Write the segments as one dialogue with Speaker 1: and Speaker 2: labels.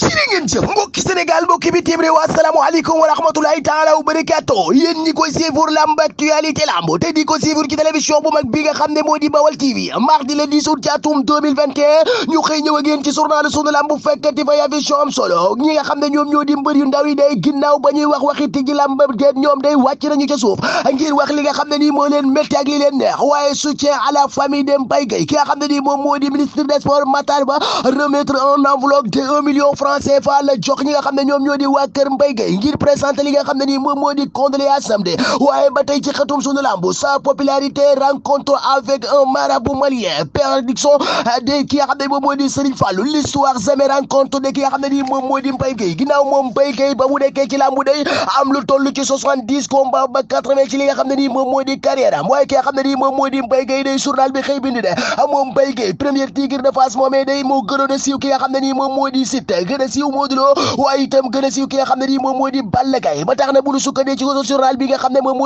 Speaker 1: jërë ngeen jëf mbokki Sénégal mbokki bi téebré wa asalaamaaleykum wa rahmatulahi taala wa barakato yéen ñi koy suivre lamb actualité lamb te di ko suivre ci télévision bu mag bi ga xam ne moo di Bawal TV mardi le 10 août ci atum 2021 ñu xëy ñëw ak yéen ci journal sunu lamb fekkati fa affiche am solo ñi nga xam ne ñoom ñoo di mbër day ginnaaw ba ñuy wax waxi tijji lamb déet ñoom day wàcc nañu ca suuf ngir wax li nga xam ne nii moo leen métti ak li leen neex waaye soutien à la famille Demba francs CFA la jox ñi nga xam ne ñoom ñoo di waa kër Mbaye Gueye ngir présenté li nga xam ne nii di condoléance samedi waaye ba tey ci xatum sunu lambu sa popularité rencontre avec un marabout malien prédiction de ki nga xam ne moom di Serigne Fallou l'histoire jamais rencontre de ki nga xam ne nii moom moo di Mbaye Gueye ginnaaw moom Mbaye ba mu nekkee lambu day am lu toll ci soixante ba quatre-vingts ci li nga xam ne nii di carrière waaye ki nga xam a gën siiw Modou Lo waaye itam gën a siiw ki nga xam ne nii moom moo di ba tax na bu ñu nii ci xëtum sunu bi nga xam ne nii moom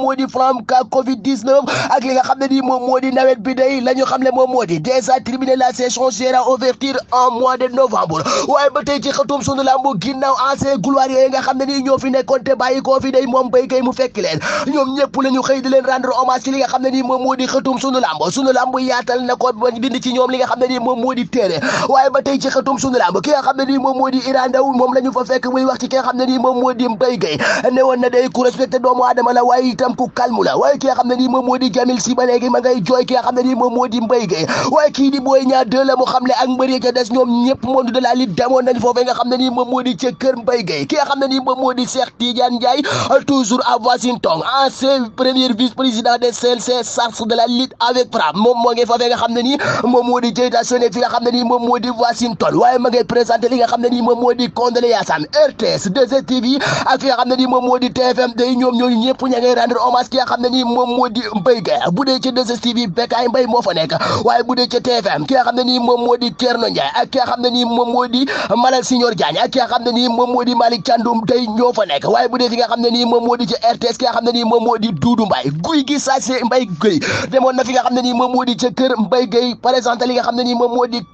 Speaker 1: moo di flam ka covid 19 ak li nga xam ne nii moom nawet bi day la xam ne moom moo di la session gérant ouverture en mois de novembre waaye ba tey ci xatum sunu lambu ginnaaw ancien gloire yooyu nga xam ne nii ñoo fi nekkoon te bàyyi koo fi day moom béykay mu fekk leen ñoom ñëpp la ñu xëy di leen rendre hommage ci li nga xam ne nii moom moo di xatum sunu lamb sunu lamb yaatal na ba dindi ci ñoom li nga xam ne nii moom moo di téere waaye ba tey ci xatum sunu lamb ki nga xam ne nii moom moo di irandaw moom la ñu fa fekk muy wax ci ki nga xam ne nii moom moo moo moo di mbéy des ñoom ñëpp monde de la lutte demoon nañ foofee nga xam ne nii moom moo di ca kër Mbaye Gueye ki nga xam ne moom moo di Cheikh Tidiane xam ne nii moom moo di jëy tasone fi moo di Washington waaye ma ngay présenté li nga xam ne nii moom moo di condoléances am RTS 2STV Ndiaye ak ki nga xam ne nii moom moo di Malal Signor Diagne ak ki nga xam ne nii moom moo di ñoo fa nekk waaye bu dee fi nga xam ne nii moom moo di ci RTS ki nga xam ne nii moom moo di Doudou Mbaye guy gi na fi nga xam ne nii moom moo di ca kër Mbaye Gueye présenté li nga xam ne ni moom moo di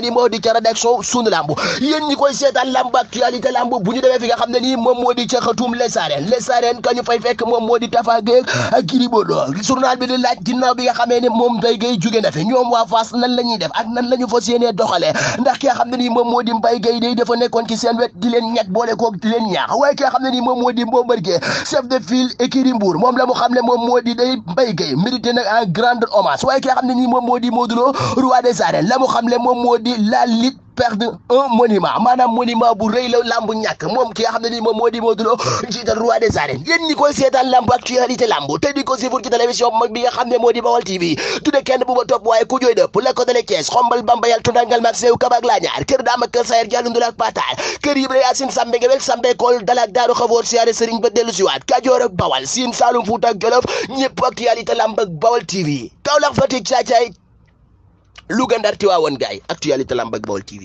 Speaker 1: ne nii moo di ca rédaction sunu lamb yéen ñi koy seetaan lamb actualité lamb bu ñu demee fi nga xam ne nii moom moo di ca xatum les arènes les arènes ka ñu ak ki nga xam ne nii moom moo di Mbaye Gueye nekkoon ci seen wet di leen boole koog di ñaax waaye ki nga xam ne nii moom moo di Bombardier chef de file écurie Mbour moom la xam ne moom moo di day Mbaye Gueye mérité un grand hommage waaye ki nga xam ne nii moom moo di Modou Lo roi des di la lutte perdre un monument maanaam monument bu rëy la lamb moom ki nga xam ne nii moom moo di Modou Lo jiital roi des arènes yéen ñi seetaan lamb actualité lamb te di ko suivre ci télévision mag bi nga xam ne moo di Baol TV tudde kenn bu ma topp waaye ku jooy dëpp la ko dalee Thiès xombal bambayal tundangal maak sew kabak laa kër daam kër sayer jallundul ak patar kër yib la sin sambe ngewel sambe kool dalak daaru xafoor siyaare sëriñ ba dellu siwaat Louga Ndar Tiwaawan gaay actualité lamb ak Baol TV